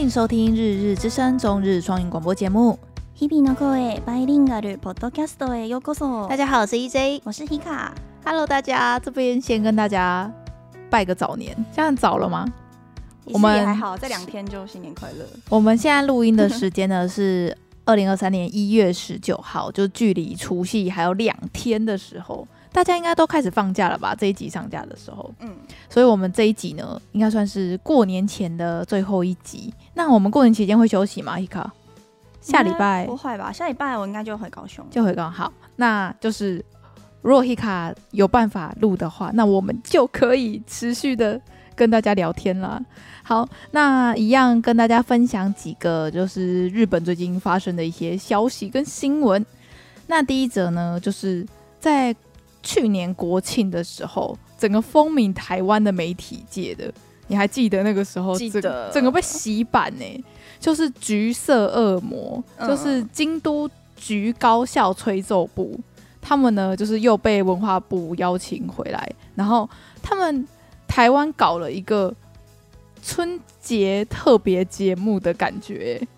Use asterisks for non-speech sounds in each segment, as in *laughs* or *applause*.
歡迎收聽《日日之聲》中日雙語廣播節目。大家好，我是 EJ，我是 Hika。Hello，大家，這邊先跟大家拜個早年，這樣早了嗎？我們還好，再兩們是天就新年快樂。我們現在錄音的時間呢是二零二三年一月十九號， *laughs* 就距離除夕還有兩天的時候。大家應該都開始放假了吧？這一集上架的時候，嗯，所以我們這一集呢，應該算是過年前的最後一集。那我們過年期間會休息嗎？Hika，下禮拜不會吧？下禮拜我應該就回高雄，就回高，好，那就是如果 Hika 有辦法錄的話，那我們就可以持續的跟大家聊天啦。好，那一樣跟大家分享幾個就是日本最近發生的一些消息跟新聞。那第一則呢，就是在。去年國慶的時候，整個風靡台灣的媒體界的，你還記得那個時候？記得，整個被洗版呢、欸？就是橘色惡魔，嗯、就是京都橘高校吹奏部，他們呢，就是又被文化部邀請回來，然後他們台灣搞了一個春節特別節目的感覺、欸。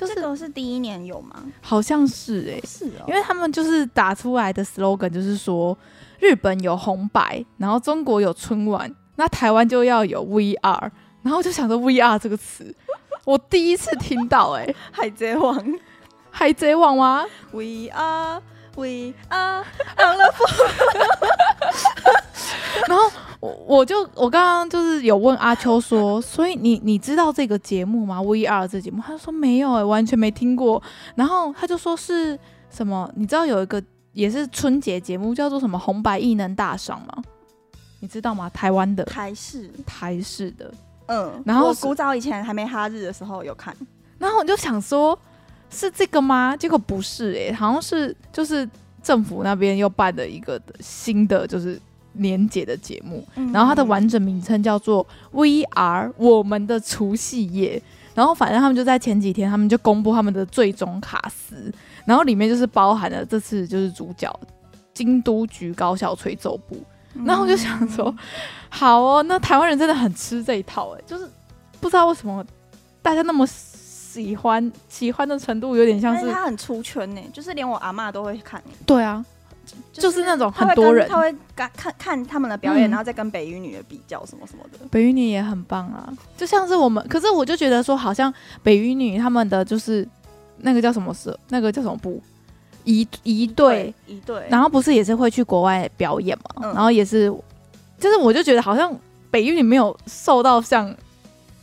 就是都是第一年有嗎？好像是誒、欸。是哦，喔，因為他們就是打出來的 slogan，就是說日本有紅白，然後中國有春晚，那台灣就要有 WE ARE，然後我就想着 WE ARE 這個詞， *laughs* 我第一次聽到哎、欸，《海賊王》，海賊王嗎？We are we are on the floor 然後。我我就我剛剛就是有問阿秋說，所以你你知道這個節目嗎？VR 這節目，他說沒有哎、欸，完全沒聽過。然後他就說是什麼？你知道有一個也是春節節目叫做什麼“紅白藝能大賞”嗎？你知道嗎？台灣的台視台視的，嗯。然後我古早以前還沒哈日的時候有看。然後我就想說，是這個嗎？結果不是哎、欸，好像是就是政府那邊又辦的一個的新的就是。年節的節目，然後它的完整名稱叫做《WE ARE、嗯、我們的除夕夜》，然後反正他們就在前幾天，他們就公布他們的最終卡司，然後裡面就是包含了這次就是主角京都橘高校吹奏部。嗯、然後我就想說，好哦，那台灣人真的很吃這一套哎、欸，就是不知道為什麼大家那麼喜歡，喜歡的程度有點像是他很出圈呢，就是連我阿嬤都會看、欸，對啊。就是那種很多人，他會看看他們的表演，然後再跟北一女的比較什麼什麼的。嗯、北一女也很棒啊，就像是我們，可是我就覺得說，好像北一女他們的就是那個叫什麼社，那個叫什麼部，儀、儀隊，對，儀隊，然後不是也是會去國外表演嘛，嗯、然後也是，就是我就覺得好像北一女沒有受到像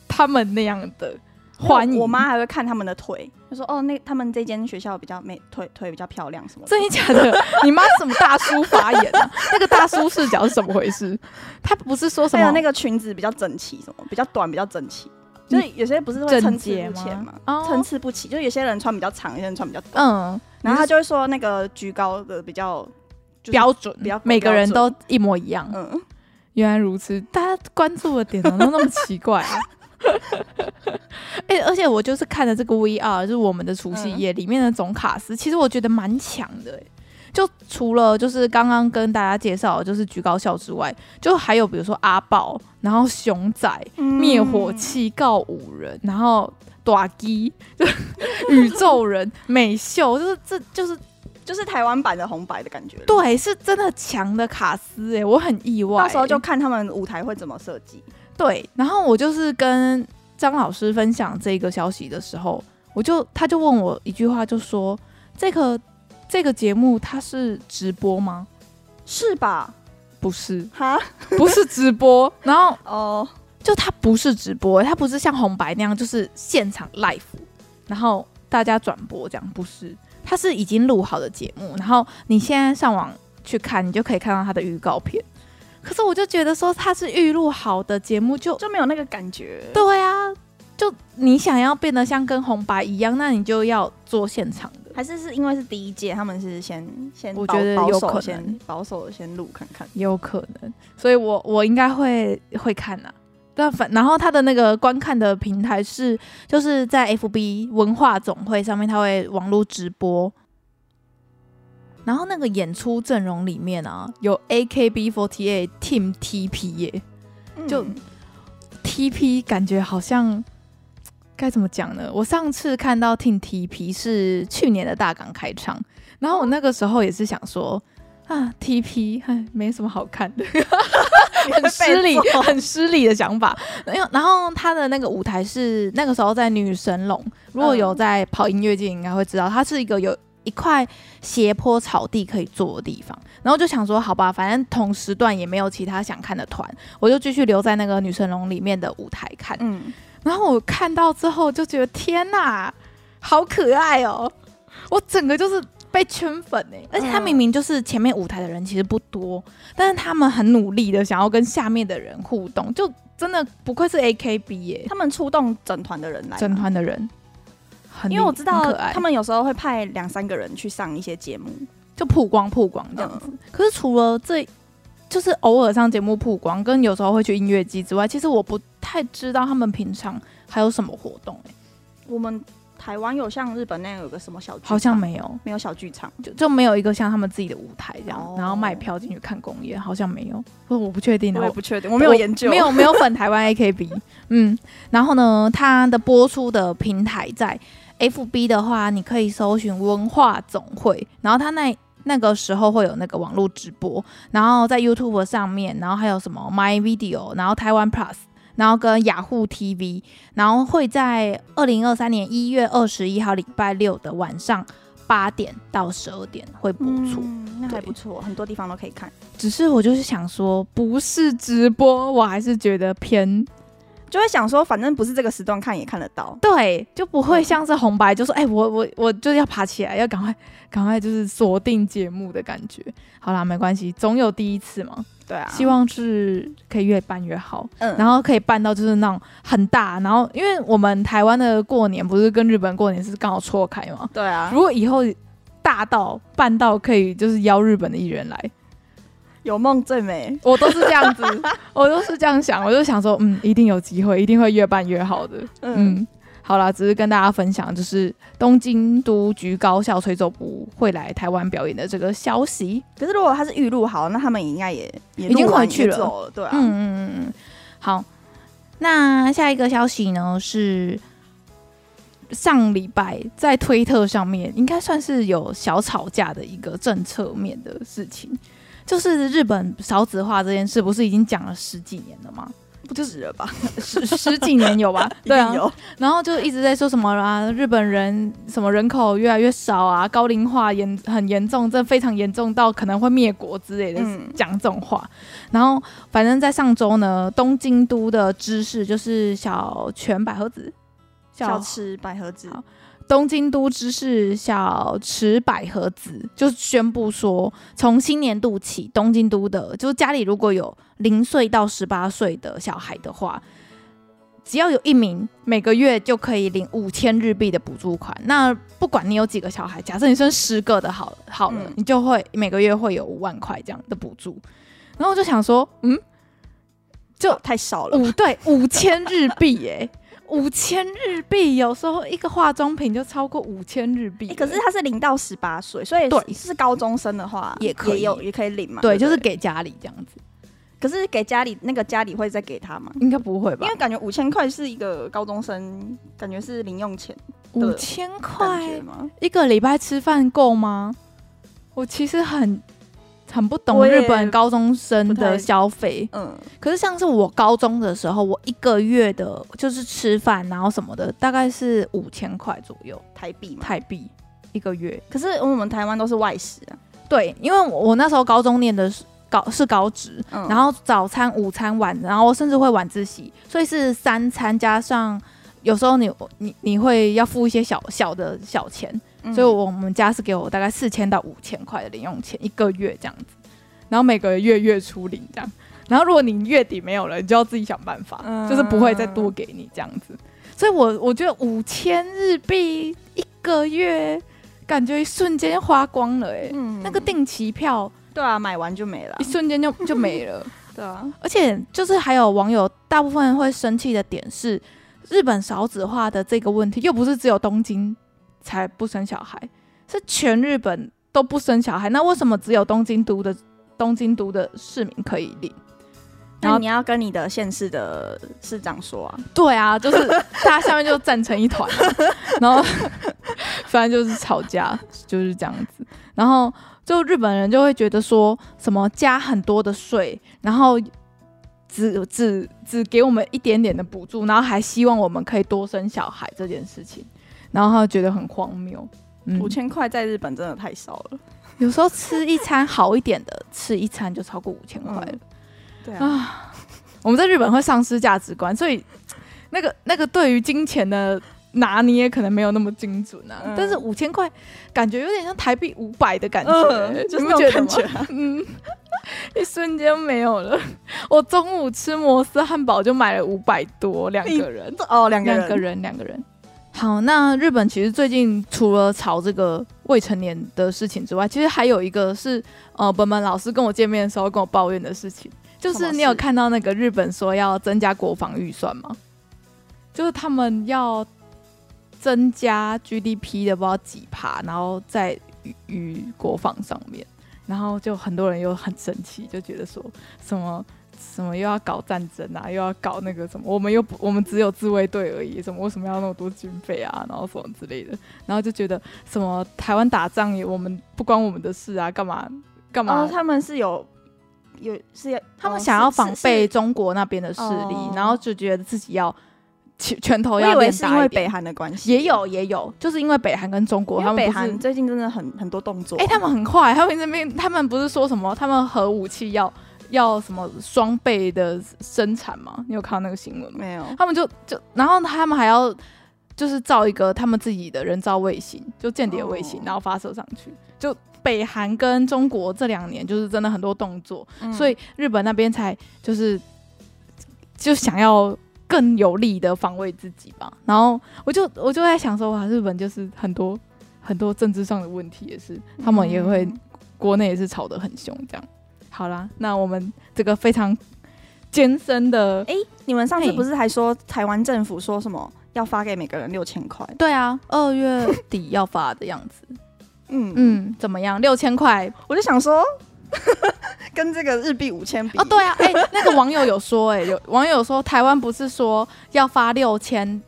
他們那樣的。我媽還會看他們的腿，她說：“哦，那他們這間學校比較美，腿腿比較漂亮什麼。真的假的？你媽什麼大叔發言呢、啊？ *laughs* 那個大叔視角是怎麼回事？他不是說什麼那個裙子比較整齊，什麼比較短，比較整齊，就是有些不是會參差不前嗎？哦，參差不齊，就有些人穿比較長，有些人穿比較短。嗯，然後他就會說那個橘高的比較標準，比較準，每個人都一模一樣。嗯，原來如此，大家關注的點怎麼都那麼奇怪。 *laughs* 哈哈哈，哎，而且我就是看了這個 VR，就是我們的除夕夜裡面的總卡司，其實我覺得蠻強的、欸。就除了就是剛剛跟大家介紹，就是橘高校之外，就還有比如說阿寶，然後熊仔，滅、嗯、火器告五人，然後哆就 *laughs* 宇宙人，美秀，就是這就是就是台灣版的紅白的感覺。對，是真的強的卡司，哎，我很意外、欸。到時候就看他們舞台會怎麼設計。對，然後我就是跟張老師分享這個消息的時候，我就他就問我一句話，就說這個這個節目它是直播嗎？是吧？不是哈，不是直播。 *laughs* 然後哦，就它不是直播，它不是像紅白那樣，就是現場 live，然後大家轉播這樣，不是？它是已經錄好的節目，然後你現在上網去看，你就可以看到它的預告片。可是我就覺得說他是預錄好的節目，就就沒有那個感覺。對啊，就你想要變得像跟紅白一樣，那你就要做現場的。還是是因為是第一屆，他們是先先我覺得有保守先保守的先錄看看，有可能。所以我，我我應該會會看啊。但反然後他的那個觀看的平台是就是在 FB 文化總會上面，他會網絡直播。然後那個演出陣容裡面啊，有 AKB48 Team TP 耶，就 TP 感覺好像該怎麼講呢？我上次看到 Team TP 是去年的大港開場，然後我那個時候也是想說啊 TP、哎、沒什麼好看的， *laughs* 很失禮很失禮的想法然後。然後他的那個舞台是那個時候在女神龍，如果有在跑音樂界應該會知道，他是一個有。一塊斜坡草地可以坐的地方，然後就想說，好吧，反正同時段也沒有其他想看的團，我就繼續留在那個女神龍裡面的舞台看。嗯，然後我看到之後就覺得，天哪，好可愛哦！我整個就是被圈粉欸，而且他明明就是前面舞台的人其實不多，但是他們很努力的想要跟下面的人互動，就真的不愧是 AKB 欸，他們出動整團的人來，整團的人。因為我知道他們有時候會派兩三個人去上一些節目，就曝光曝光這樣子。嗯、可是除了這就是偶爾上節目曝光，跟有時候會去音樂祭之外，其實我不太知道他們平常還有什麼活動、欸。我們台灣有像日本那樣有個什麼小劇場，好像沒有，沒有小劇場，就就沒有一個像他們自己的舞台這樣，哦、然後賣票進去看公演，好像沒有。我我不確定，我也不確定，我沒有研究，沒有沒有粉台灣 AKB。嗯，然後呢，它的播出的平台在。FB 的話，你可以搜尋文化總會，然後他那那個時候會有那個網絡直播，然後在 YouTube 上面，然後還有什麼 My Video，然後台灣 Plus，然後跟雅虎 TV，然後會在二零二三年一月二十一號禮拜六的晚上八點到十二點會播出。嗯、對那還不錯，很多地方都可以看。只是我就是想說，不是直播，我還是覺得偏。就會想說，反正不是這個時段看也看得到，對，就不會像是紅白，嗯、就說，哎、欸，我我我就是要爬起來，要趕快趕快，快就是鎖定節目的感覺。好啦，沒關係，總有第一次嘛。對啊，希望是可以越辦越好，嗯，然後可以辦到就是那種很大，然後因為我們台灣的過年不是跟日本過年是剛好錯開嘛？對啊，如果以後大到辦到可以就是邀日本的藝人來。有夢最美， *laughs* 我都是這樣子，我都是這樣想，我就想說，嗯，一定有機會，一定會越辦越好的。嗯,嗯，好啦，只是跟大家分享，就是京都橘高校吹奏部會來台灣表演的這個消息。可是，如果他是預錄好，那他們也應該也,也已經回去了,了，對啊。嗯嗯嗯嗯，好。那下一個消息呢，是上禮拜在推特上面，應該算是有小吵架的一個政策面的事情。就是日本少子化這件事，不是已經講了十幾年了嗎？不就是了吧，十十幾年有吧？ *laughs* 有對啊，然後就一直在說什麼啊，日本人什麼人口越來越少啊，高齡化嚴很嚴重，這非常嚴重到可能會滅國之類的，講、嗯、這種話。然後反正在上周呢，東京都的知事就是小泉百合子，小、小池百合子，東京都知事小池百合子就宣布說，從新年度起，東京都的，就是家裡如果有零歲到十八歲的小孩的話，只要有一名，每個月就可以領五千日幣的補助款。那不管你有幾個小孩，假設你生十個的好好了，嗯、你就會每個月會有五萬塊這樣的補助。然後我就想說，嗯，就五，、啊、太少了，五對五千日幣、欸，耶。 *laughs* 五千日幣，有時候一個化妝品就超過五千日幣，欸。可是他是零到十八歲，所以是，對，是高中生的話，也也有也可以領嘛。對，對就是給家裡這樣子。可是給家裡那個家裡會再給他嗎？應該不會吧，因為感覺五千塊是一個高中生，感覺是零用錢。五千塊，一個禮拜吃飯夠嗎？我其實很。很不懂日本高中生的消費，嗯，可是像是我高中的時候，我一個月的，就是吃飯然後什麼的，大概是五千塊左右台幣嘛，台幣一個月。可是我們臺灣都是外食啊，對，因為我我那時候高中念的是高是高職，嗯、然後早餐、午餐、晚，然後我甚至會晚自習，所以是三餐加上，有時候你你你會要付一些小小的小錢。所以我們家是給我大概四千到五千塊的零用錢一個月這樣子，然後每個月月初領這樣，然後如果你月底沒有了，你就要自己想辦法，就是不會再多給你這樣子。所以我我覺得五千日幣一個月，感覺一瞬間花光了哎、欸，那個定期票對啊，買完就沒了，一瞬間就，就就沒了，對啊。而且就是還有網友大部分會生氣的點是，日本少子化的這個問題又不是只有東京。才不生小孩，是全日本都不生小孩，那為什麼只有東京都的東京都的市民可以領？然後你要跟你的縣市的市長說啊。對啊，就是他下面就站成一團， *laughs* 然後 *laughs* 反正就是吵架就是這樣子。然後就日本人就會覺得說什麼加很多的稅，然後只只只給我們一點點的補助，然後還希望我們可以多生小孩這件事情。然後他覺得很荒謬，嗯、五千塊在日本真的太少了。有時候吃一餐好一點的， *laughs* 吃一餐就超過五千塊了。嗯、對啊，啊，我們在日本會喪失價值觀，所以那個那個對於金錢的拿捏也可能沒有那麼精準啊。嗯、但是五千塊感覺有點像台幣五百的感覺，嗯、就是這種感覺。嗯， *laughs* 一瞬間沒有了。 *laughs* 我中午吃摩斯漢堡就買了五百多，兩個人哦，兩個人，兩個人。好，那日本其實最近除了炒這個未成年的事情之外，其實還有一個是，呃，本本老師跟我見面的時候跟我抱怨的事情，就是你有看到那個日本說要增加國防預算嗎？就是他們要增加 GDP 的不知道幾趴，然後在於國防上面，然後就很多人又很生氣，就覺得說什麼。什麼又要搞戰爭啊，又要搞那個什麼？我們又不，我們只有自衛隊而已。什麼為什麼要那麼多軍費啊？然後什麼之類的，然後就覺得什麼台灣打仗也我們不關我們的事啊？幹嘛幹嘛，哦，他們是有有是要，哦、他們想要防備中國那邊的勢力，哦、然後就覺得自己要全拳頭要變大一點，我以為是因為北韓的關係，也有也有，也有就是因為北韓跟中國，他們北韓最近真的很很多動作。哎、欸，他們很壞，他們那邊他們不是說什麼他們核武器要要什麼雙倍的生產嗎？你有看到那個新聞沒有，他們就就，然後他們還要就是造一個他們自己的人造衛星，就間諜衛星，哦、然後發射上去。就北韓跟中國這兩年就是真的很多動作，嗯、所以日本那邊才就是就想要更有力的防衛自己吧。然後我就我就在想說、啊，哇，日本就是很多很多政治上的問題也是，他們也會國內也是吵得很凶這樣。好啦，那我們這個非常艱深的哎、欸，你們上次不是還說台灣政府說什麼、欸、要發給每個人六千塊？對啊，二月底要發的樣子。 *laughs* 嗯嗯，怎麼樣？六千塊，我就想說， *laughs* 跟這個日幣五千比哦，對啊，哎、欸，那個網友有說、欸，哎， *laughs* 有網友有說台灣不是說要發六千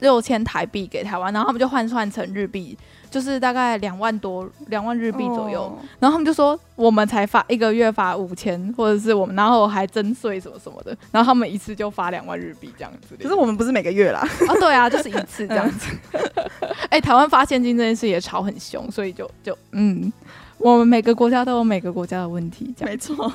六千台幣給台灣，然後他們就換算成日幣。就是大概兩萬多，兩萬日幣左右。Oh. 然後他們就說，我們才發一個月發五千，或者是我們然後還徵稅什麼什麼的。然後他們一次就發兩萬日幣這樣子。可是我們不是每個月啦，啊、哦、對啊，就是一次這樣子。哎、 *laughs* 嗯 *laughs* 欸，台灣發現金這件事也吵很兇，所以就就嗯， *laughs* 我們每個國家都有每個國家的問題，沒錯。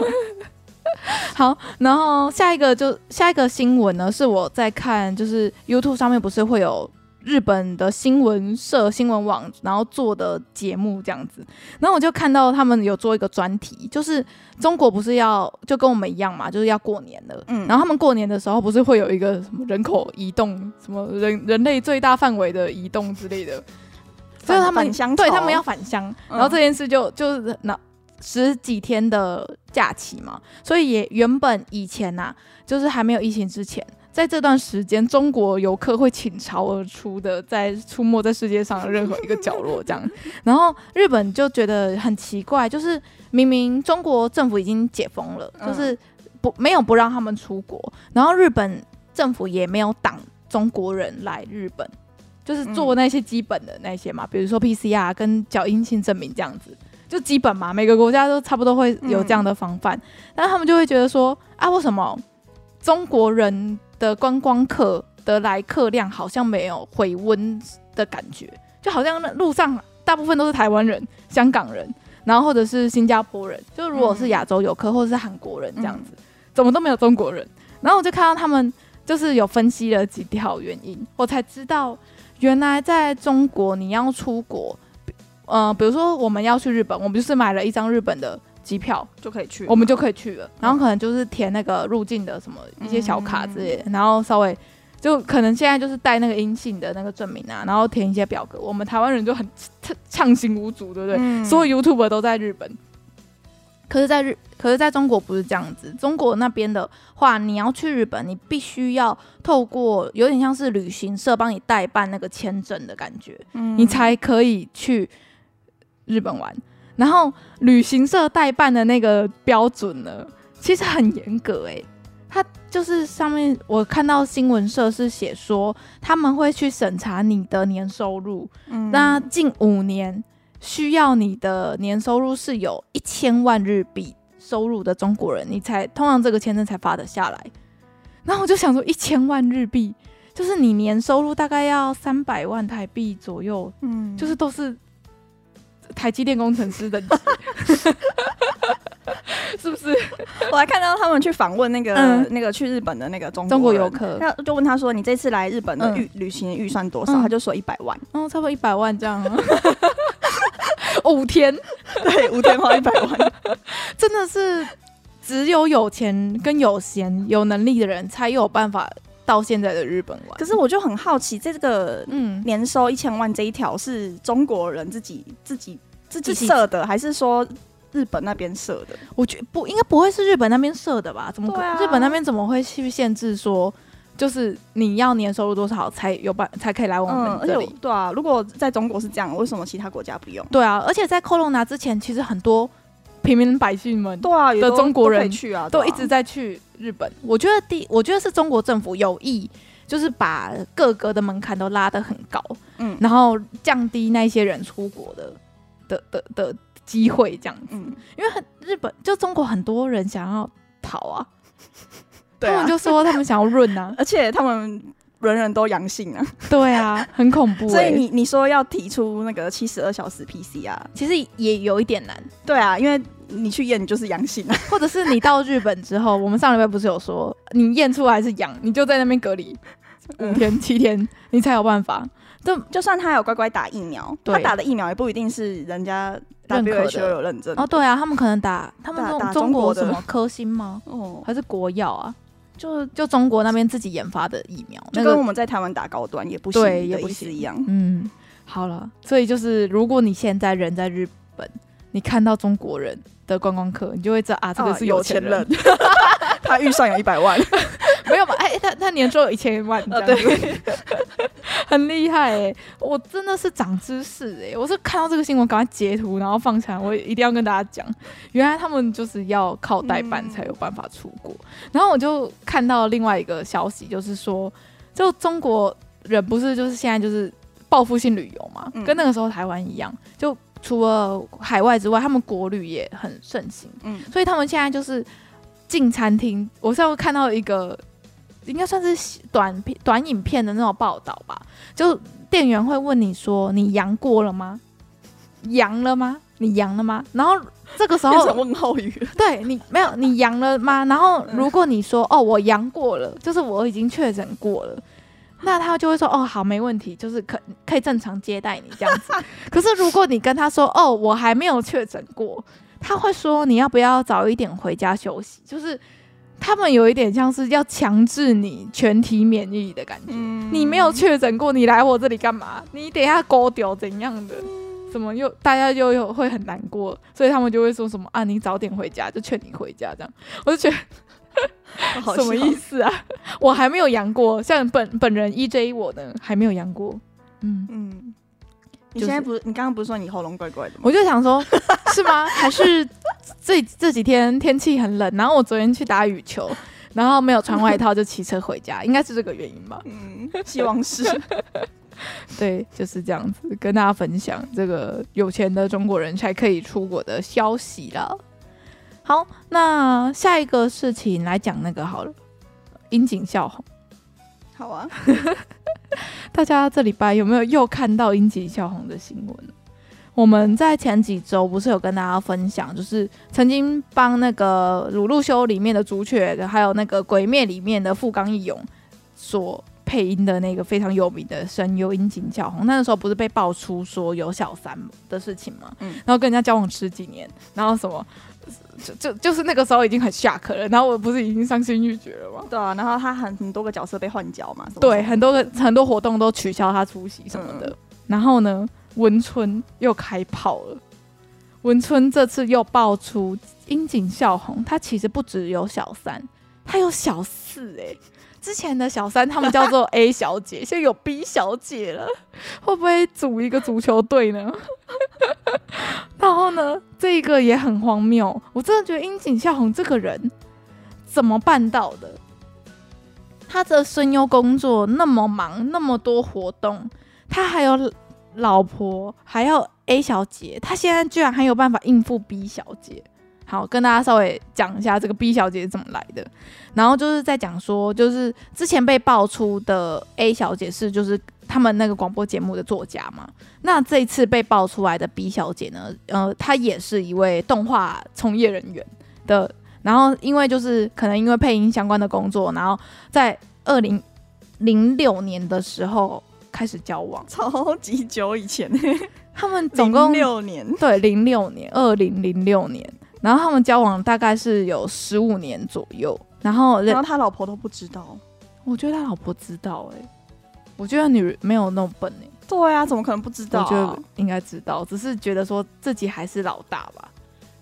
*laughs* 好，然後下一個就下一個新聞呢，是我在看，就是 YouTube 上面不是會有。日本的新聞社新聞網，然後做的節目這樣子，然後我就看到他們有做一個專題，就是中國不是要就跟我們一樣嘛，就是要過年了，嗯，然後他們過年的時候不是會有一個什麼人口移動，什麼人人類最大範圍的移動之類的，所以反，他們對，他們要返鄉，然後，然後這件事就就是那十幾天的假期嘛，所以也原本以前吶，啊，就是還沒有疫情之前。在這段時間，中國遊客會傾巢而出的，在出沒在世界上的任何一個角落，這樣。然後日本就覺得很奇怪，就是明明中國政府已經解封了，嗯、就是不沒有不讓他們出國，然後日本政府也沒有擋中國人來日本，就是做那些基本的那些嘛，嗯、比如說 PCR 跟腳陰性證明這樣子，就基本嘛，每個國家都差不多會有這樣的防範。嗯、但他們就會覺得說，啊，為什麼中國人？的觀光客的來客量好像沒有回溫的感覺，就好像路上大部分都是台灣人、香港人，然後或者是新加坡人，就如果是亞洲遊客、嗯、或者是韓國人這樣子，嗯、怎麼都沒有中國人。然後我就看到他們就是有分析了幾條原因，我才知道原來在中國你要出國，嗯、呃，比如說我們要去日本，我們就是買了一張日本的。機票就可以去，我們就可以去了。然後可能就是填那個入境的什麼一些小卡之類的，嗯、然後稍微就可能現在就是帶那個陰性的那個證明啊，然後填一些表格。我們台灣人就很暢行無阻，對不對？嗯、所有 YouTuber 都在日本，可是，在日，可是在中國不是這樣子。中國那邊的話，你要去日本，你必須要透過有點像是旅行社幫你代辦那個簽證的感覺，嗯、你才可以去日本玩。然後旅行社代辦的那個標準呢，其實很嚴格哎、欸。他就是上面我看到新聞社是寫說，他們會去審查你的年收入。嗯。那近五年需要你的年收入是有1000萬日幣收入的中國人，你才通常這個簽證才发得下來。然後我就想說，1000萬日幣就是你年收入大概要300萬台幣左右，嗯，就是都是。台積電工程師的， *laughs* 是不是？我還看到他們去訪問那個、嗯、那個去日本的那個中國遊客，他就問他說：“你這次來日本的預、嗯、旅行預算多少？”嗯、他就說：“一百萬。哦”哦，差不多一百萬這樣。 *laughs* *laughs* 五天，對，五天花一百萬， *laughs* 真的是只有有錢、跟有閒、有能力的人才有辦法。到現在的日本玩，可是我就很好奇，在這個嗯年收一千萬這一條是中國人自己自己自己設的，還是說日本那邊設的？我覺得不應該不會是日本那邊設的吧？怎麼可、啊、日本那邊怎麼會去限制說，就是你要年收入多少才有辦才可以來我們這裡、嗯？對啊，如果在中國是這樣，為什麼其他國家不用？對啊，而且在コロナ之前，其實很多。平民百姓們，對啊，有中國人去啊，都一直在去日本。我覺得第，我覺得是中國政府有意，就是把各個的門檻都拉得很高，嗯，然後降低那些人出國的的的的機會這樣子。因為很日本，就中國很多人想要逃啊，他們就說他們想要潤啊，而且他們人人都陽性啊，對啊，很恐怖。所以你你說要提出那個七十二小時 PCR 啊，其實也有一點難，對啊，因為。你去驗，你就是陽性啊，或者是你到日本之後，我們上禮拜不是有說，你驗出來是陽，你就在那邊隔離五天七天，你才有辦法。就就算他有乖乖打疫苗，他打的疫苗也不一定是人家認可，WHO 有認證哦。對啊，他們可能打他們中中國什麼科興嗎？哦，還是國藥啊？就就中國那邊自己研發的疫苗，就跟我們在台灣打高端也不行，也不是一樣。嗯，好了，所以就是如果你現在人在日本，你看到中國人，的觀光客，你就會知道啊，這個是有錢人，啊、有錢人 *laughs* 他預算有一百萬， *laughs* 沒有嘛？哎、欸，他他年收入有一千萬這樣子、啊，對， *laughs* 很厲害哎、欸！我真的是長知識哎、欸！我是看到這個新聞，趕快截圖然後放出來，我一定要跟大家講，原來他們就是要靠代辦才有辦法出國。嗯、然後我就看到另外一個消息，就是說，就中國人不是就是現在就是報復性旅遊嘛，嗯、跟那個時候台灣一樣，就。除了海外之外，他們國旅也很盛行。嗯，所以他們現在就是進餐廳，我上次看到一個，應該算是短片、短影片的那種報道吧。就店員會問你說：“你陽過了嗎？陽了嗎？你陽了嗎？”然後這個時候問候語，對你沒有？你陽了嗎？然後如果你說：“哦，我陽過了，就是我已經確診過了。”那他就會說哦好沒問題，就是可可以正常接待你這樣子。 *laughs* 可是如果你跟他說哦我還沒有確診過，他會說你要不要早一點回家休息？就是他們有一點像是要強制你全體免疫的感覺。嗯、你沒有確診過，你來我這裡幹嘛？你等一下勾到怎樣的？什麼又大家又會很難過，所以他們就會說什麼啊你早點回家，就勸你回家這樣。我就覺得。哦、好，什麼意思啊？我還沒有陽過，像本本人 EJ 我呢，還沒有陽過。嗯嗯，就是、你現在不，你剛剛不是說你喉嚨怪怪的嗎？我就想說，是嗎？ *laughs* 還是這這幾天天氣很冷，然後我昨天去打羽球，然後沒有穿外套就騎車回家， *laughs* 應該是這個原因吧？嗯，希望是。 *laughs* 對，就是這樣子跟大家分享這個有錢的中國人才可以出國的消息啦。好，那下一個事情來講那個好了，櫻井孝宏。好啊， *laughs* 大家這禮拜有沒有又看到櫻井孝宏的新聞？我們在前幾周不是有跟大家分享，就是曾經幫那個《魯路修》裡面的朱雀，還有那個《鬼滅》裡面的富岡義勇所配音的那個非常有名的聲優櫻井孝宏。那時候不是被爆出說有小三的事情嗎？嗯，然後跟人家交往十幾年，然後什麼？就就就是那個時候已經很 shock 了，然後我不是已經傷心欲絕了嗎？對啊，然後他很多個角色被換角嘛，對，很多個很多活動都取消他出席什麼的。嗯嗯。然後呢，文春又開炮了，文春這次又爆出櫻井孝宏，他其實不只有小三，他有小四誒、欸。之前的小三他們叫做 A 小姐， *laughs* 現在有 B 小姐了，會不會組一個足球隊呢？ *laughs* *laughs* 然後呢， *laughs* 這一個也很荒謬，我真的覺得櫻井孝宏這個人怎麼辦到的？他的聲優工作那麼忙，那麼多活動，他還有老婆，還要 A 小姐，他現在居然還有辦法應付 B 小姐。好，跟大家稍微講一下這個 B 小姐是怎麼來的，然後就是在講說，就是之前被爆出的 A 小姐是就是他們那個廣播節目的作家嘛，那這一次被爆出來的 B 小姐呢，呃，她也是一位動畫從業人員的，然後因為就是可能因為配音相關的工作，然後在二零零六年的時候開始交往。超級久以前， *laughs* 零六年，他們總共零六年對，零六年，二零零六年。2006年然後他們交往大概是有十五年左右，然後然後他老婆都不知道，我覺得他老婆知道哎，我覺得女人沒有那麼笨哎，對啊，怎麼可能不知道啊？我覺得應該知道，只是覺得說自己還是老大吧，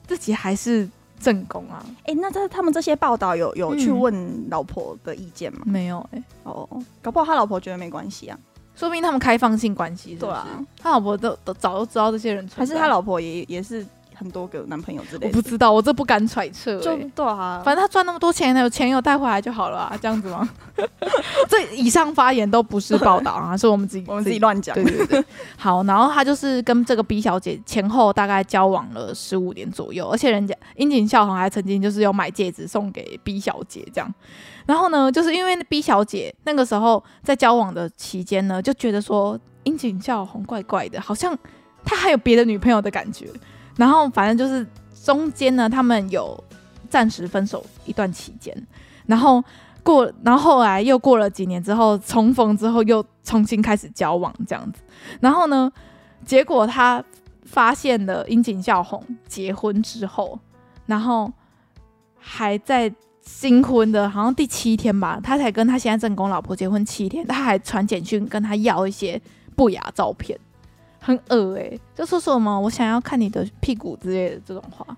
自己還是正宮啊。哎，那這他們這些報道有有去問老婆的意見嗎？嗯，沒有哎，哦，搞不好他老婆覺得沒關係啊，說不定他們開放性關係是不是，對啊，他老婆都都早就知道這些人，還是他老婆也也是。很多個男朋友之類，我不知道，我這不敢揣測、欸。賺，啊、反正他賺那麼多錢，有錢又帶回來就好了啊，這樣子嗎？ *laughs* *laughs* 這以上發言都不是報道啊， *laughs* 是我們自己， *laughs* 我們自己亂講。對對對，好，然後他就是跟這個 B 小姐前後大概交往了十五年左右，而且人家櫻井孝宏還曾經就是有買戒指送給 B 小姐這樣。然後呢，就是因為 B 小姐那個時候在交往的期間呢，就覺得說櫻井孝宏怪怪的，好像他還有別的女朋友的感覺。然後反正就是中間呢，他們有暫時分手一段期間，然後過，然後後來又過了幾年之後重逢之後又重新開始交往這樣子。然後呢，結果他發現了櫻井孝宏結婚之後，然後還在新婚的，好像第七天吧，他才跟他現在正宮老婆結婚七天，他還傳簡訊跟他要一些不雅照片。很惡哎、欸，就說什麼，我想要看你的屁股之類的這種話。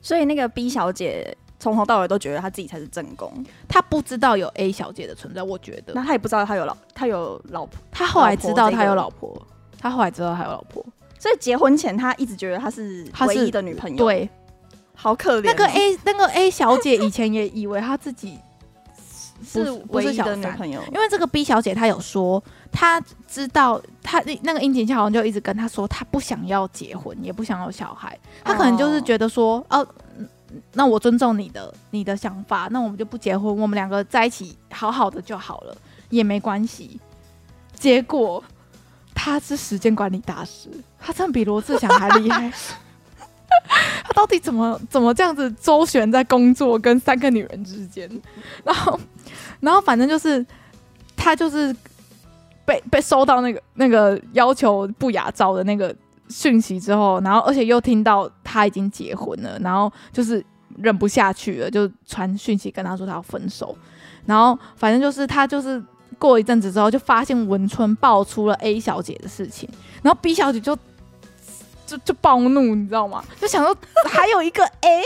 所以那個 B 小姐從頭到尾都覺得她自己才是正宮，她不知道有 A 小姐的存在。我覺得，那她也不知道她有老，她有老婆。她後來知道她有老婆，老婆這個，她後來知道她有老婆。老婆，所以結婚前，她一直覺得她是唯一的女朋友，對是，好可憐。那個 A 那個 A 小姐以前也以為她自己 *laughs* 是，不是，不是小三唯一的女朋友，因為這個 B 小姐她有說。他知道，他那個殷錦小好像就一直跟他說，他不想要結婚，也不想要小孩。他可能就是覺得說，哦、oh. 啊，那我尊重你的你的想法，那我們就不結婚，我們兩個在一起好好的就好了，也沒關係。結果，他是時間管理大師，他真的比羅志祥還厲害。他 *laughs* 到底怎麼怎麼這樣子周旋在工作跟三個女人之間？然後，然後反正就是他就是。被被收到那個那個要求不雅照的那個訊息之後，然後而且又聽到他已經結婚了，然後就是忍不下去了，就傳訊息跟他說他要分手。然後反正就是他就是過一陣子之後，就發現文春爆出了 A 小姐的事情，然後 B 小姐就就就暴怒，你知道嗎？就想說還有一個 A，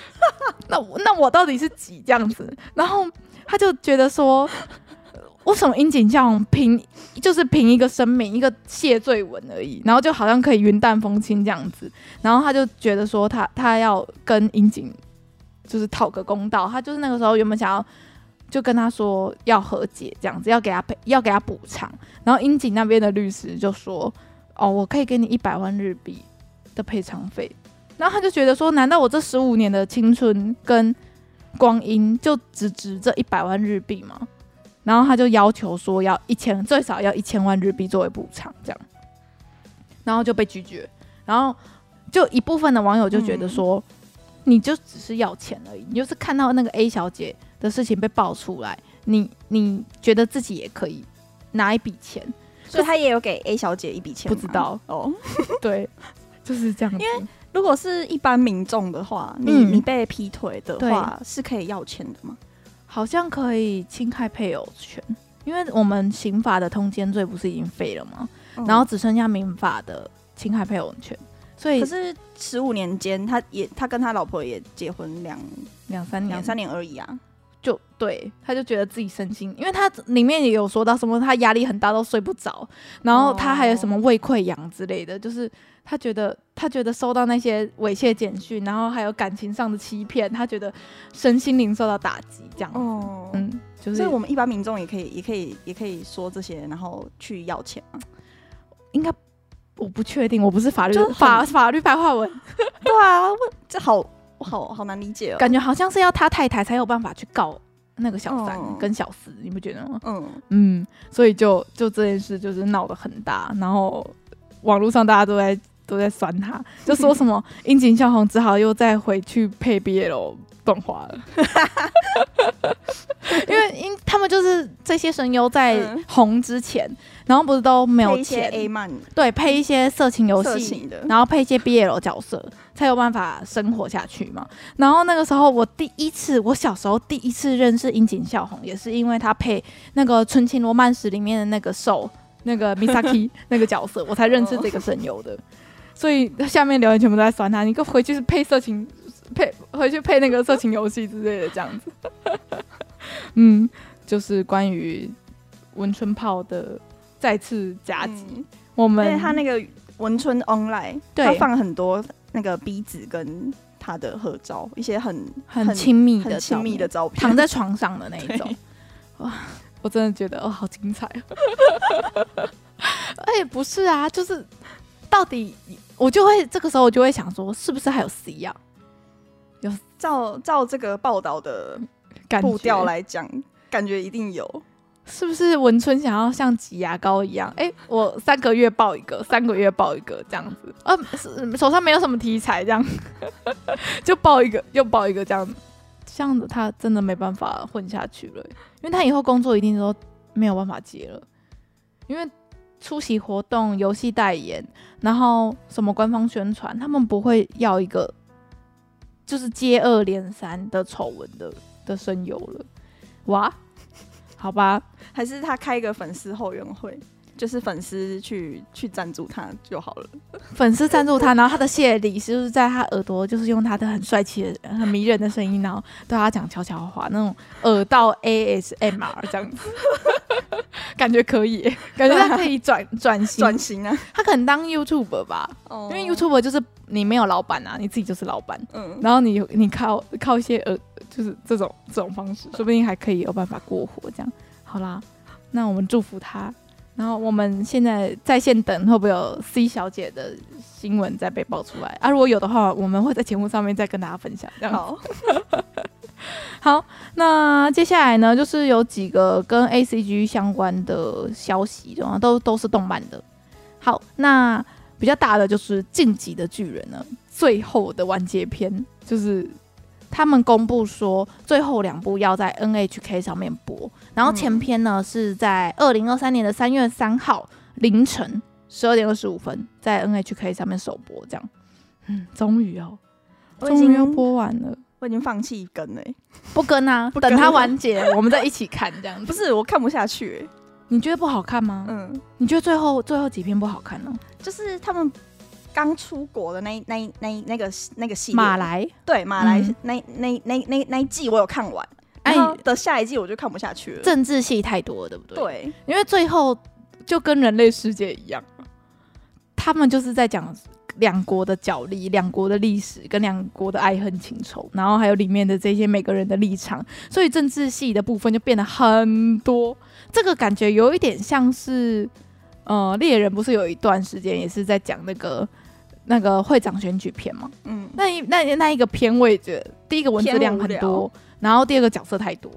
*laughs* 那我那我到底是幾這樣子？然後他就覺得說。為什麼櫻井這樣憑就是憑一個聲明，一個謝罪文而已，然後就好像可以雲淡風輕這樣子，然後他就覺得說他他要跟櫻井就是討個公道，他就是那個時候原本想要就跟他說要和解這樣子，要給他賠，要給他補償，然後櫻井那邊的律師就說，哦，我可以給你一百萬日幣的賠償費。然後他就覺得說，難道我這十五年的青春跟光陰就只值這一百萬日幣嗎？然後他就要求說要一千，最少要一千萬日幣作為補償，這樣，然後就被拒絕。然後就一部分的網友就覺得說，嗯、你就只是要錢而已，你就是看到那個 A 小姐的事情被爆出來，你你覺得自己也可以拿一筆錢，所以他也有給 A 小姐一筆錢，不知道哦， *laughs* *laughs* 對，就是這樣子。因為如果是一般民眾的話，你、嗯、你被劈腿的話對是可以要錢的嗎？好像可以侵害配偶權，因為我們刑法的通奸罪不是已經廢了嗎？嗯。然後只剩下民法的侵害配偶權。所以可是十五年間，他也他跟他老婆也結婚兩兩三年兩三年而已啊。就對，他就覺得自己身心，因為他裡面也有說到什麼，他壓力很大，都睡不着，然後他還有什麼胃潰瘍之類的，就是他覺得他覺得收到那些猥褻簡訊，然後還有感情上的欺騙，他覺得身心靈受到打擊，這樣。哦，嗯，就是。所以，我們一般民眾也可以，也可以，也可以說這些，然後去要錢嗎？應該，我不確定，我不是法律，就很法法律白話文， *laughs* 對啊，問這好。嗯、好好難理解哦、喔，感覺好像是要他太太才有辦法去告那個小三跟小四，嗯、你不覺得嗎？嗯嗯，所以就就這件事就是鬧得很大，然後網絡上大家都在都在酸他，就說什麼櫻井孝宏只好又再回去配 BL 動畫了，因為因他們就是這些聲優在紅之前。嗯然後不是都沒有錢，對，配一些色情遊戲，色情的，然後配一些 BL 角色 *laughs* 才有辦法生活下去嘛。然後那個時候我第一次，我小時候第一次認識櫻井孝宏，也是因為他配那個《純情羅曼史》裡面的那個受，那個 Misaki *laughs* 那個角色，我才認識這個聲優的。哦、所以下面留言全部都在酸他。啊，你給我回去是配色情，配回去配那個色情遊戲之類的這樣子。 *laughs* *laughs* 嗯，就是關於文春炮的。再次夾擊、嗯、我們，因為他那個文春 online，對他放很多那個 B 子跟他的合照，一些很很親密的親密的照片，躺在床上的那一種，對 *laughs* 我真的覺得哦，好精彩！哎、 *laughs* *laughs* *laughs* 欸，不是啊，就是到底我就會這個時候，我就會想說，是不是還有 C 樣、啊？有照照這個報道的步調來講，感覺，感覺一定有。是不是文春想要像擠牙膏一樣？哎、欸，我三個月爆一個，三個月爆一個這樣子。呃、啊，手上沒有什麼題材，這樣子 *laughs* 就爆一個，又爆一個這樣子。這樣子他真的沒辦法混下去了、欸，因為他以後工作一定都沒有辦法接了。因為出席活動、遊戲代言，然後什麼官方宣傳，他們不會要一個就是接二連三的醜聞的的聲優了，哇。好吧，還是他開一個粉絲後援會，就是粉絲去去贊助他就好了。粉絲贊助他，然後他的謝禮是不是在他耳朵，就是用他的很帥氣的、很迷人的聲音，然後對他講悄悄話，那種耳道 ASMR 這樣子， *laughs* 感覺可以，感覺他可以轉轉 *laughs* 型轉 *laughs* 型啊。他可能當 YouTuber 吧，哦、因為 YouTuber 就是你沒有老闆啊，你自己就是老闆，嗯，然後你你靠靠一些耳。就是這種這種方式，的說不定還可以有辦法過活這樣。好啦，那我們祝福他。然後我們現在在線等，會不會有 C 小姐的新聞再被爆出來啊？如果有的話，我們會在節目上面再跟大家分享。這樣好。 *laughs* 好，那接下來呢，就是有幾個跟 A C G 相關的消息，然後都都是動漫的。好，那比較大的就是《進擊的巨人》呢，最後的完結篇就是。他們公布說，最後兩部要在 NHK 上面播，然後前篇呢、嗯、是在二零二三年的三月三號凌晨十二點二十五分在 NHK 上面首播。這樣，嗯，終於哦，終於要播完了，我已經放棄跟了，不跟啊，不跟了，等它完結我們再一起看這樣。 *laughs* 不是，我看不下去、欸，你覺得不好看嗎？嗯，你覺得最後最後幾篇不好看呢？就是他們。剛出國的那那那那個那個戲馬來對馬來、嗯、那那那那那一季我有看完，哎，的下一季我就看不下去了，政治戲太多了，對不對？對，因為最後就跟人類世界一樣，他們就是在講兩國的角力、兩國的歷史跟兩國的愛恨情仇，然後還有裡面的這些每個人的立場，所以政治戲的部分就變得很多。這個感覺有一點像是，呃，獵人不是有一段時間也是在講那個。那個會長選舉片嘛，嗯，那一那一那一個片我也覺得第一個文字量很多，然後第二個角色太多，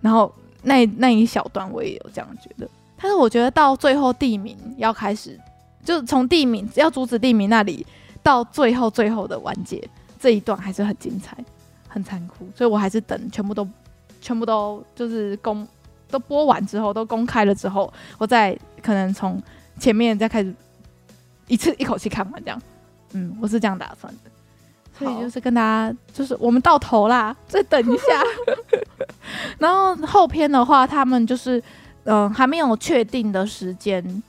然後那那一小段我也有這樣覺得，但是我覺得到最後地鳴要開始，就是從地鳴要阻止地鳴那裡到最後最後的完結這一段還是很精彩，很殘酷，所以我還是等全部都全部都就是公都播完之後，都公開了之後，我再可能從前面再開始一次一口氣看完這樣。嗯，我是這樣打算的，好所以就是跟大家，就是我們到頭啦，再等一下。 *laughs* 然後後篇的話，他們就是，嗯、呃，還沒有確定的時間，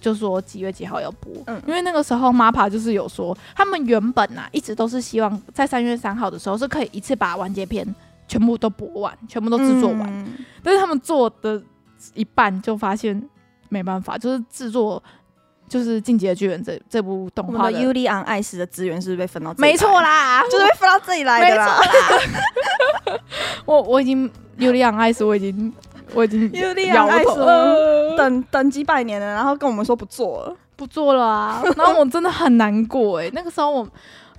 就說幾月幾號要播。嗯，因為那個時候 MAPPA 就是有說，他們原本啊一直都是希望在三月三號的時候是可以一次把完結篇全部都播完，全部都制作完。嗯，但是他們做的一半就發現沒辦法，就是制作。就是進擊的巨人這這部動畫 Yuri On Ice 的資源是，不是被分到這裡？沒錯啦，我就是被分到這裡來的啦。啦 *laughs* *laughs* 我我已經 Yuri On Ice，我已經我已經 Yuri On Ice 等等幾百年了，然後跟我們說不做了，不做了啊，然後我真的很難過哎、欸， *laughs* 那個時候我。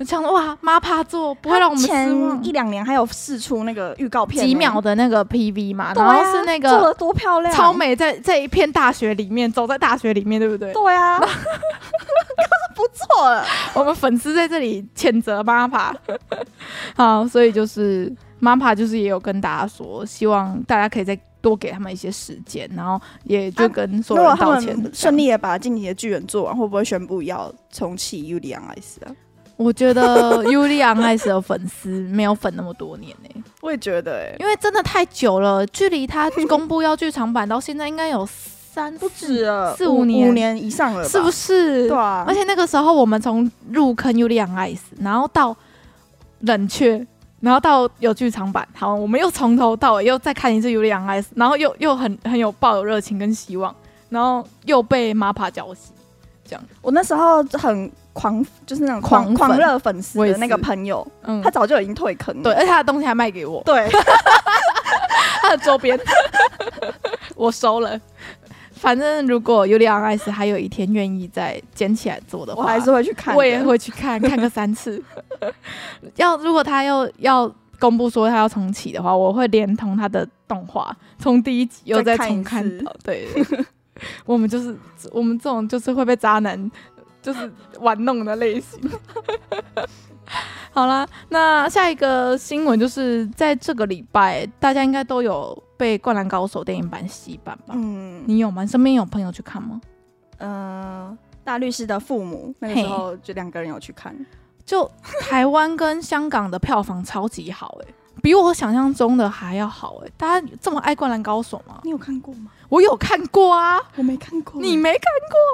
想說哇 MAPPA 做不會讓我們失望。一兩年還有釋出，那個預告片，幾秒的那個 PV 嘛，然後是那個做得多漂亮，超美，在在一片大雪裡面，走在大雪裡面，對不對？對啊，那是不錯了。我們粉絲在這裡譴責 MAPPA 好，所以就是 MAPPA 就是也有跟大家說，希望大家可以再多給他們一些時間，然後也就跟所有人道歉。順利的把今年的劇演做完，會不會宣布要重啟《Yuri on Ice 啊？ *laughs* 我覺得 Yuri on Ice 的粉絲沒有粉那麼多年呢、欸，我也覺得哎、欸，因為真的太久了，距離他公布要劇場版到現在應該有三不止了四五年,五,五年以上了，是不是？對啊，而且那個時候我們從入坑 Yuri on Ice，然後到冷卻，然後到有劇場版，好，我們又從頭到尾又再看一次 Yuri on Ice，然後又又很很有抱有熱情跟希望，然後又被 MAPPA 搞死，這樣我那時候很。狂就是那種狂狂熱粉絲的那個朋友，嗯，他早就已經退坑了，對，而且他的東西還賣給我，對， *laughs* *laughs* 他的周邊 *laughs* *laughs* 我收了。反正如果 Yuri on Ice 還有一天願意再撿起來做的話，我還是會去，去看，我也會去看看個三次。 *laughs* 要如果他又要公布說他要重啟的話，我會連同他的動畫從第一集又再重看到。對， *laughs* *laughs* 我們就是我們這種就是會被渣男就是玩弄的類型。 *laughs* *laughs* 好啦，那下一個新聞就是在這個禮拜，大家應該都有被《灌籃高手》電影版洗版吧？嗯，你有嗎？身邊有朋友去看嗎？呃，大律師的父母那個時候就兩個人有去看，就台灣跟香港的票房超級好欸，哎， *laughs* 比我想象中的還要好欸，哎，大家這麼愛《灌籃高手》嗎？你有看過嗎？我有看過啊，我沒看過，你沒看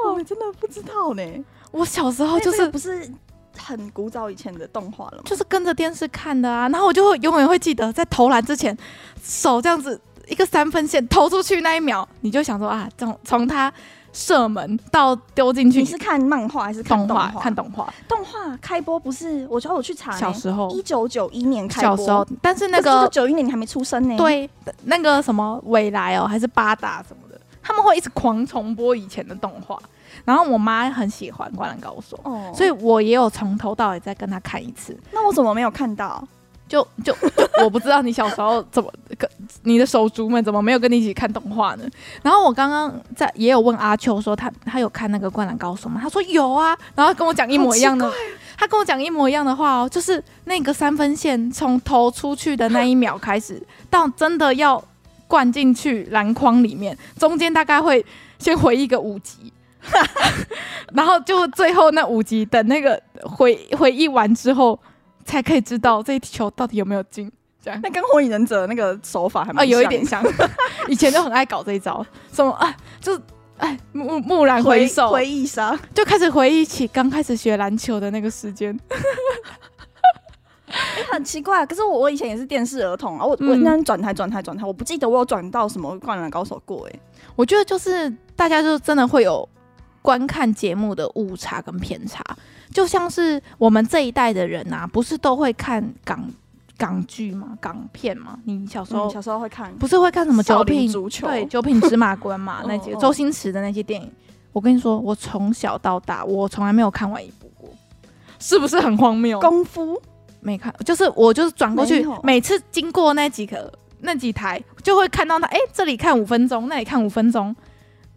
過，我真的不知道呢欸。我小時候就是不是很古早以前的動畫了嗎？就是跟着電視看的啊。然後我就會永遠會記得，在投籃之前，手這樣子一個三分線投出去那一秒，你就想說啊，從從他射門到丟進去。你是看漫畫還是看動畫？看動畫。動畫開播不是？我就有去查欸。小時候。一九九一年開播。小時候，但是那個九一年你還沒出生呢、欸。對，那個什麼未來哦、喔，還是八大什麼的，他們會一直狂重播以前的動畫。然後我媽很喜歡《灌籃高手》，oh. 所以我也有從頭到尾再跟她看一次。那我怎麼沒有看到？ *laughs* 就就，就我不知道你小時候怎麼跟 *laughs* 你的手足們怎麼沒有跟你一起看動畫呢？然後我剛剛在也有問阿秋說他他有看那個《灌籃高手》嗎？他說有啊，然後跟我講一模一樣的，他跟我講一模一樣的話哦，就是那個三分線從投出去的那一秒開始， *laughs* 到真的要灌進去籃筐裡面，中間大概會先回憶一個五集。 *laughs* *laughs* 然後就最後那五集，等那個回回憶完之後，才可以知道這一球到底有沒有進。這樣，那 *laughs* *laughs* 跟火影忍者那個手法還啊、呃、有一點像。 *laughs* *laughs* *laughs* 以前就很愛搞這一招，什麼啊，就哎、啊、驀驀然回首回、回憶殺，就開始回憶起剛開始學籃球的那個時間。 *laughs* 欸、很奇怪、啊，可是我我以前也是電視兒童啊，我、嗯、我那轉台轉台轉台，我不記得我有轉到什麼灌籃高手過哎、欸。 *laughs* *laughs* 我覺得就是大家就真的會有。觀看節目的誤差跟偏差，就像是我們這一代的人啊，不是都會看港港劇嗎？港片嗎？你小時候、嗯、小時候會看，不是會看什麼九品足球，對， *laughs* 九品芝麻官嘛，那幾個周星馳的那些電影。 *laughs* 我跟你說，我從小到大我從來沒有看完一部過，是不是很荒謬？功夫沒看，就是我就是轉過去，有每次經過那幾個那幾台就會看到他，哎、欸，這裡看五分鐘，那裡看五分鐘。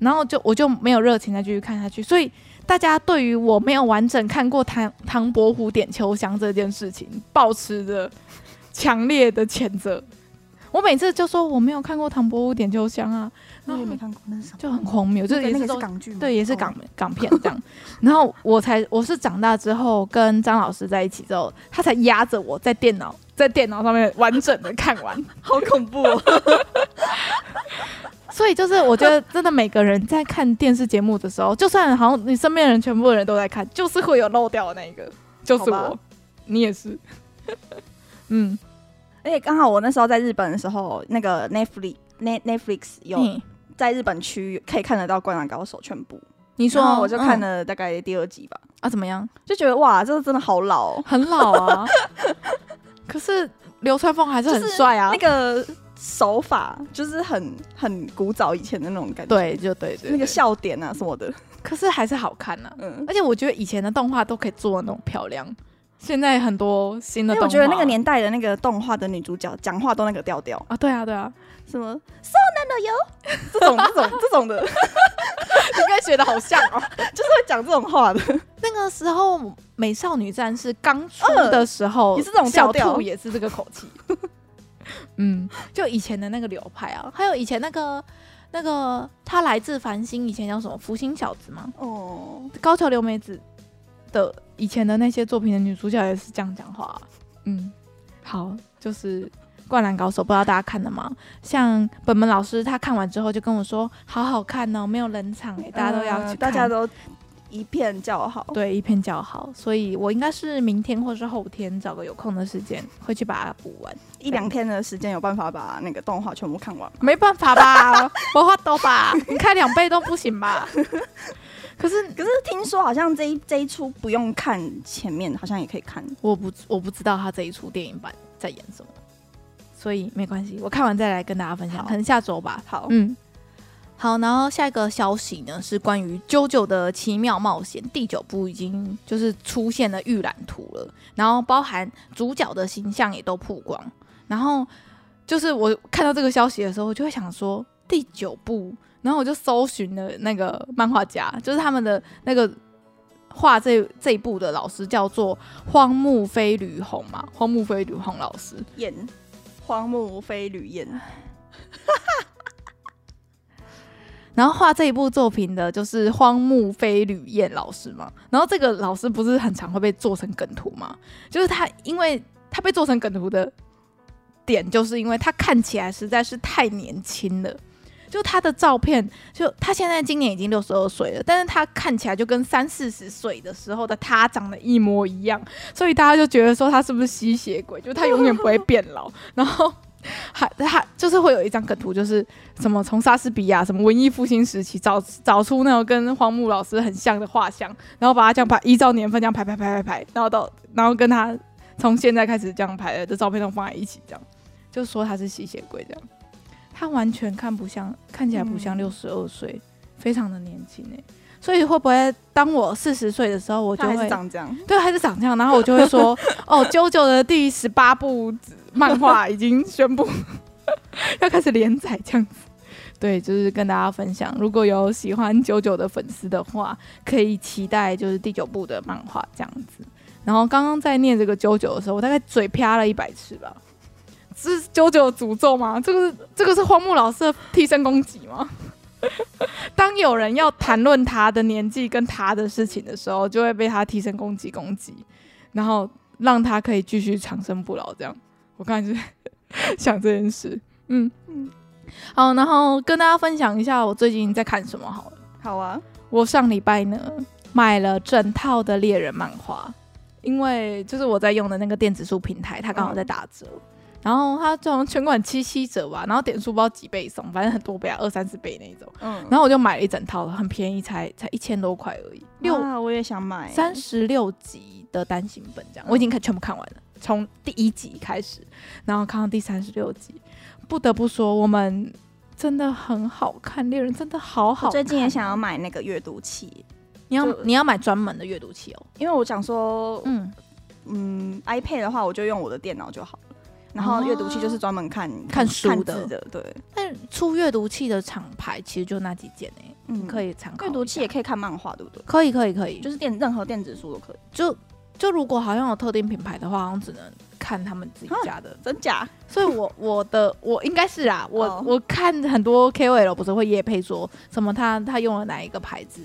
然後就我就沒有熱情再繼續看下去，所以大家對於我沒有完整看過唐《唐唐伯虎點秋香》這件事情，保持着強烈的譴責。我每次就說我沒有看過《唐伯虎點秋香》啊，然後就那也沒看過，那是什麼？就很荒謬，就是也是港劇嘛？對，也是港、Oh. 港片這樣。然後我才我是長大之後跟張老師在一起之後，他才壓着我在電腦在電腦上面完整的看完， *laughs* 好恐怖、哦。 *laughs* 所以就是，我覺得真的每個人在看電視節目的時候，好就算好像你身邊人全部的人都在看，就是會有漏掉的那一個，就是我，吧你也是。 *laughs* 嗯，剛好我那時候在日本的時候，那個 Netflix, Net, Netflix，Netflix 有在日本區可以看得到《灌籃高手》全部。你說，我就看了大概第二集吧。嗯，啊，怎麼樣？就覺得哇，這個真的好老，很老啊。 *laughs* 可是流川楓還是很帥啊。那個。手法就是很很古早以前的那種感覺，對，就對對、對、對，那個笑點啊什麼的，可是還是好看啊。嗯，而且我覺得以前的動畫都可以做的那種漂亮，現在很多新的動畫。我覺得那個年代的那個動畫的女主角講話都那個調調啊，對啊對啊，什麼そうなのよ，這種這種這種的， *laughs* 應該學的好像啊， *laughs* 就是會講這種話的。那個時候美少女戰士剛出的時候，嗯，也是這種調調小調，也是這個口氣。 *laughs* 嗯，就以前的那個流派啊，還有以前那個那個他來自繁星，以前叫什麼福星小子嗎？哦，oh。高橋留美子的以前的那些作品的女主角也是這樣講話，啊。嗯，好，就是灌籃高手，不知道大家看了嗎？像本門老師他看完之後就跟我說，好好看哦，沒有冷場，欸、大家都要去，嗯，大家都。一片叫好，對，一片叫好，所以我應該是明天或是後天找個有空的時間，會去把它補完。一兩天的時間有辦法把那個動畫全部看完？沒辦法吧，我畫多吧，你看兩倍都不行吧？ *laughs* 可是，可是聽說好像這一這一出不用看前面，好像也可以看。我不，我不知道他這一出電影版在演什麼，所以沒關係，我看完再來跟大家分享。好可能下周吧。好，嗯。好，然後下一個消息呢是關於《JoJo 的奇妙冒險》第九部已經就是出現了預覽圖了，然後包含主角的形象也都曝光。然後就是我看到這個消息的時候，我就會想說第九部，然後我就搜尋了那個漫畫家，就是他們的那個畫這這一部的老師叫做荒木飛呂紅嘛，荒木飛呂紅老師，彥，荒木飛呂彥，哈哈。然後畫這一部作品的就是荒木飛呂彥老師嘛，然後這個老師不是很常會被做成梗圖嗎？就是他，因為他被做成梗圖的點，就是因為他看起來實在是太年輕了，就他的照片，就他現在今年已經六十二歲了，但是他看起來就跟三四十歲的時候的他長得一模一樣，所以大家就覺得說他是不是吸血鬼？就他永遠不會變老， *laughs* 然後。還還就是會有一張梗圖，就是什麼從莎士比亞什麼文藝復興時期找找出那種跟荒木老師很像的畫像，然後把它這樣把依照年份這樣排排排排排，然後到然後跟他從現在開始這樣拍的照片都放在一起，這樣就說他是吸血鬼這樣，他完全看不像，看起來不像六十二歲，嗯、非常的年輕哎、欸，所以會不會當我四十歲的時候，我就會長這樣？對，還是長這樣，然後我就會說 *laughs* 哦，舅舅的第十八步漫畫已經宣布 *laughs* *laughs* 要開始連載，這樣子。對，就是跟大家分享。如果有喜歡 JoJo 的粉絲的話，可以期待就是第九部的漫畫這樣子。然後剛剛在念這個 JoJo 的時候，我大概嘴啪了一百次吧。是 JoJo 的詛咒嗎？這個是這個是荒木老師的替身攻擊嗎？ *laughs* 當有人要談論他的年紀跟他的事情的時候，就會被他替身攻擊攻擊，然後讓他可以繼續長生不老這樣。我剛在想這件事，嗯嗯，好，然後跟大家分享一下我最近在看什麼好了。好啊，我上禮拜呢、嗯、買了整套的獵人漫畫，因為就是我在用的那個電子書平台，它剛好在打折，嗯、然後它好像全款七七折吧，然後點數不知道幾倍送，反正很多倍啊，二三十倍那種，嗯，然後我就買了一整套的，很便宜，才才一千多塊而已。哇、啊，我也想買三十六集的單行本這樣，我已經看、嗯、全部看完了。從第一集開始，然後看到第三十六集，不得不說，我們真的很好看，《獵人》真的好好看。最近也想要買那個閱讀器，就，你要你要買專門的閱讀器哦，因為我想說，嗯嗯，iPad 的話，我就用我的電腦就好了。然後閱讀器就是專門看看書看看的，對。但出閱讀器的廠牌其實就那幾件哎、欸，嗯，可以參考。閱讀器也可以看漫畫，對不對？可以，可以，可以，可以，可以，就是電任何電子書都可以。就就如果好像有特定品牌的話，我好像只能看他們自己家的真假。所以我，我我的 *laughs* 我應該是啊，我、哦、我看很多 KOL 不是會業配說什麼他他用了哪一個牌子，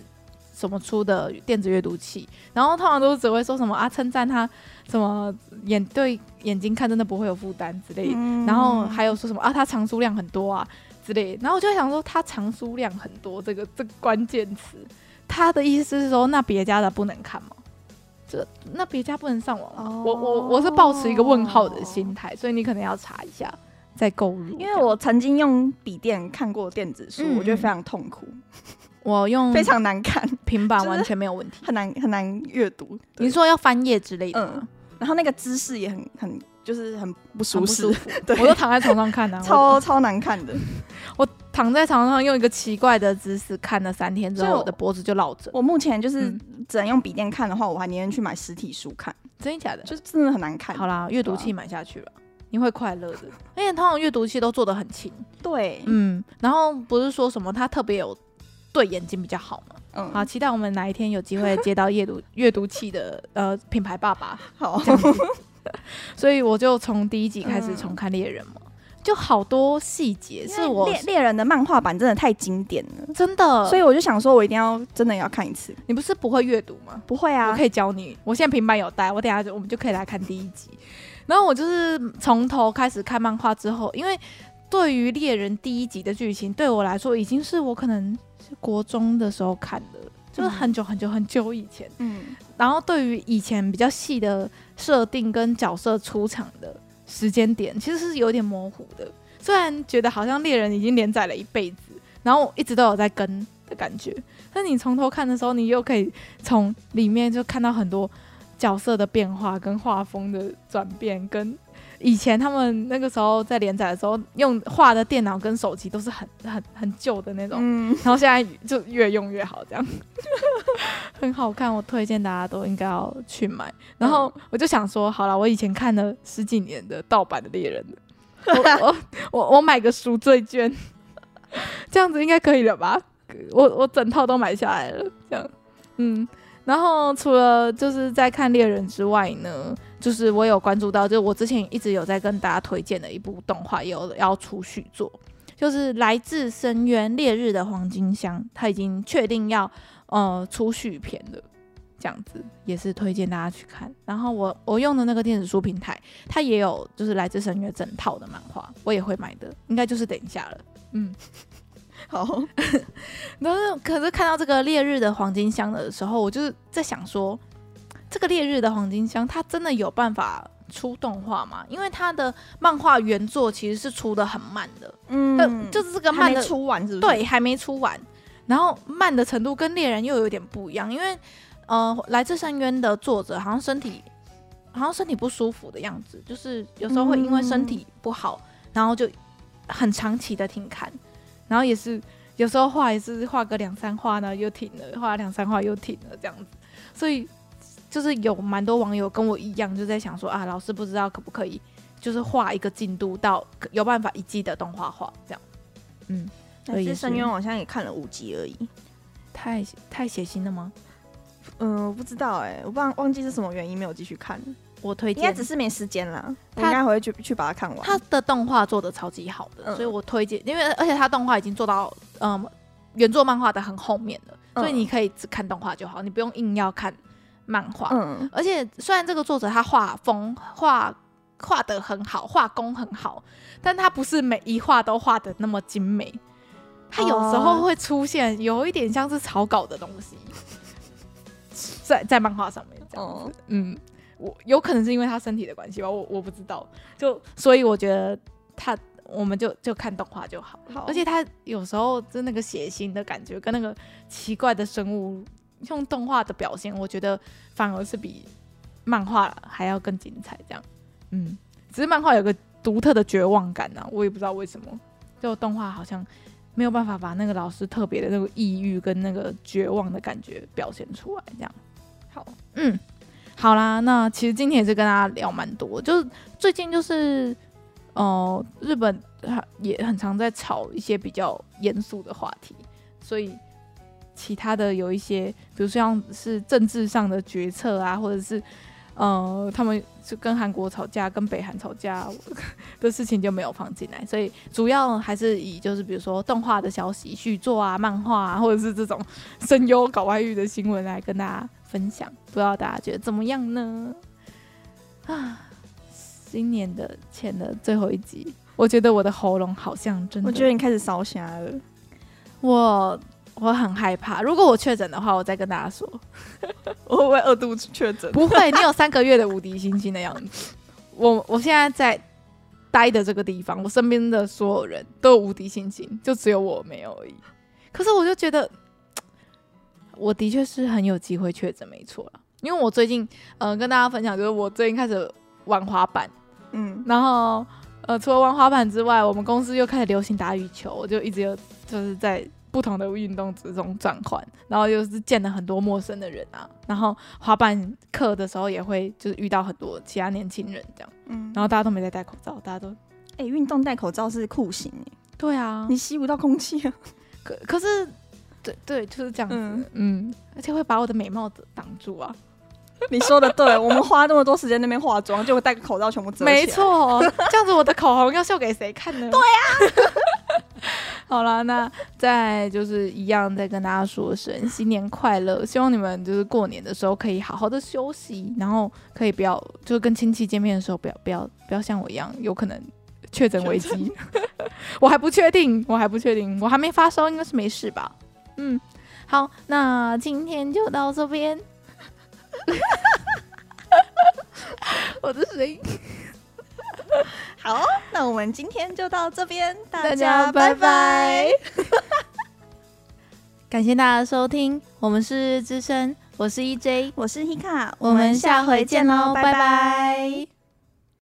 什麼出的電子閱讀器，然後通常都只會說什麼啊稱讚他什麼眼對眼睛看真的不會有負擔之類，嗯、然後還有說什麼啊他藏書量很多啊之類，然後我就想說他藏書量很多這個這個、關鍵詞，他的意思是說那別家的不能看嗎？這那別家不能上網嗎、啊 oh？我我我是抱持一個問號的心態，oh、所以你可能要查一下再購入。因為我曾經用筆電看過電子書，嗯嗯我覺得非常痛苦， *laughs* 我用非常難看，平板完全沒有問題，很難很難閱讀。你說要翻頁之類的、嗯，然後那個姿勢也很很。就是很不舒適，我都躺在床上看的，超超難看的。我躺在床上用一個奇怪的姿勢看了三天，之後我的脖子就落枕。我目前就是只能用筆電看的話，我還寧願去買實體書看。真的假的？就是真的很難看。好啦，閱讀器買下去了，你會快樂的。而且通常閱讀器都做得很輕，對，嗯。然後不是說什麼它特別有對眼睛比較好嘛。嗯。好，期待我們哪一天有機會接到閱讀閱讀器的呃品牌爸爸。好。所以我就從第一集開始重看獵人嘛，嗯、就好多細節是我獵獵人的漫畫版真的太經典了，真的。所以我就想說，我一定要真的要看一次。你不是不會閱讀嗎？不會啊，我可以教你。我現在平板有帶，我等下就我們就可以來看第一集。 *laughs* 然後我就是從頭開始看漫畫之後，因為對於獵人第一集的劇情對我來說，已經是我可能是國中的時候看的。就是很久很久很久以前，嗯，然後對於以前比較細的設定跟角色出場的時間點，其實是有點模糊的。雖然覺得好像獵人已經連載了一輩子，然後一直都有在跟的感覺，但你從頭看的時候，你又可以從裡面就看到很多角色的變化跟畫風的轉變跟。以前他們那個時候在連載的時候，用畫的電腦跟手機都是很很很舊的那種，嗯、然後現在就越用越好，這樣 *laughs* 很好看，我推薦大家都應該要去買。然後我就想說，好了，我以前看了十幾年的盜版的獵人， *laughs* 我我我我買個贖罪券， *laughs* 這樣子應該可以了吧？我我整套都買下來了，這樣，嗯。然後除了就是在看獵人之外呢，就是我有關注到，就是我之前一直有在跟大家推薦的一部動畫，也有要出續作，就是《來自深淵：烈日的黃金鄉》，它已經確定要呃出續篇了，這樣子也是推薦大家去看。然後我我用的那個電子書平台，它也有就是《來自深淵》整套的漫畫，我也會買的，應該就是等一下了。嗯，好。然 *laughs* 可是看到這個《烈日的黃金鄉》的時候，我就是在想說。這個烈日的黃金鄉，它真的有辦法出動畫嗎？因為它的漫畫原作其實是出得很慢的，嗯，就是這個慢的還沒出完是不是？對，還沒出完。然後慢的程度跟獵人又有點不一樣，因為呃，來自深淵的作者好像身體好像身體不舒服的樣子，就是有時候會因為身體不好，嗯，然後就很長期的停刊，然後也是有時候畫也是畫個兩三畫呢又停了，畫兩三畫又停了這樣子，所以。就是有蠻多網友跟我一樣，就在想說啊，老師不知道可不可以，就是畫一個進度到有辦法一季的動畫化這樣，嗯，可是深淵我現在也看了五集而已，太太血腥了嗎？嗯、呃欸，我不知道哎，我忘忘記是什麼原因沒有繼續看。我推薦，應該只是沒時間啦，他我應該回去去把它看完。他的動畫做得超級好的，嗯、所以我推薦，因為而且他動畫已經做到嗯、呃、原作漫畫的很後面了，嗯、所以你可以只看動畫就好，你不用硬要看。漫畫，嗯、而且雖然這個作者他畫風畫畫得很好，畫工很好，但他不是每一畫都畫得那麼精美，他有時候會出現有一點像是草稿的東西，嗯、在在漫畫上面這樣子，嗯，嗯，我有可能是因為他身體的關係吧，我我不知道，就所以我覺得他我們就就看動畫就好，好而且他有時候就那個血腥的感覺跟那個奇怪的生物。用動畫的表現，我覺得反而是比漫畫還要更精彩。這樣，嗯，只是漫畫有個獨特的絕望感呢、啊，我也不知道為什麼。就動畫好像沒有辦法把那個老師特別的那個抑鬱跟那個絕望的感覺表現出來。這樣，好，嗯，好啦，那其實今天也是跟大家聊蠻多，就是最近就是哦、呃，日本也很常在吵一些比較嚴肅的話題，所以。其他的有一些，比如說像是政治上的決策啊，或者是，呃，他們就跟韓國吵架、跟北韓吵架的事情就沒有放進來，所以主要還是以就是比如說動畫的消息、續作啊、漫畫、啊，或者是這種聲優搞外遇的新聞來跟大家分享。不知道大家覺得怎麼樣呢？啊，新年的前的最後一集，我覺得我的喉嚨好像真的，我覺得你開始燒起來了，我。我很害怕，如果我確診的話，我再跟大家說， *laughs* 我會不會二度確診？不會，你有三個月的無敵星星的樣子。 *laughs* 我我現在在待的這個地方，我身邊的所有人都有無敵星星，就只有我沒有而已。可是我就覺得，我的確是很有機會確診，沒錯了。因為我最近，嗯、呃，跟大家分享，就是我最近開始玩滑板，嗯，然後呃，除了玩滑板之外，我們公司又開始流行打羽球，我就一直有就是在。不同的運動之中轉換，然後又是見了很多陌生的人啊，然後滑板課的時候也會就是遇到很多其他年輕人這樣，嗯，然後大家都沒在戴口罩，大家都，哎、欸，運動戴口罩是酷刑耶，對啊，你吸不到空氣啊，可可是，對，對就是這樣子，嗯，而且會把我的美貌擋住啊， *laughs* 你說的對，我們花那麼多時間在那邊化妝，就戴個口罩全部遮，沒錯哦， *laughs* 這樣子我的口紅要秀給誰看呢？對啊。 *laughs* *laughs* 好了，那再就是一樣，再跟大家說聲新年快樂。希望你們就是過年的時候可以好好的休息，然後可以不要，就是跟親戚見面的時候不要不要不要像我一樣，有可能確診危機。確診。 *laughs* 我還不確定，我還不確定，我還沒發燒，應該是沒事吧？嗯，好，那今天就到這邊。 *laughs* 我的聲音。 *laughs* 好哦，那我們今天就到這邊，大家拜拜。拜拜 *laughs* 感謝大家的收聽，我們是日日之聲，我是 EJ，我是 Hika，我們下回見嘍，拜拜。 *laughs*